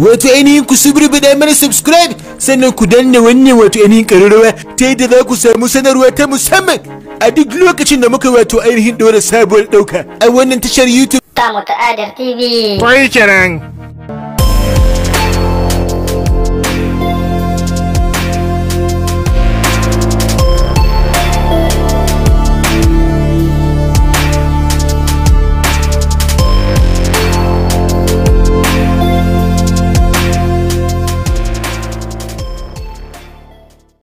wato ainihin ku subribi mana subscribe sannan ku danna wannan wato ainihin ƙararrawa ta yadda za ku samu sanarwa ta musamman a duk lokacin da muka wato ainihin ɗora sabuwar ɗauka a wannan tashar YouTube. Ta mutu Adar TV. Kwai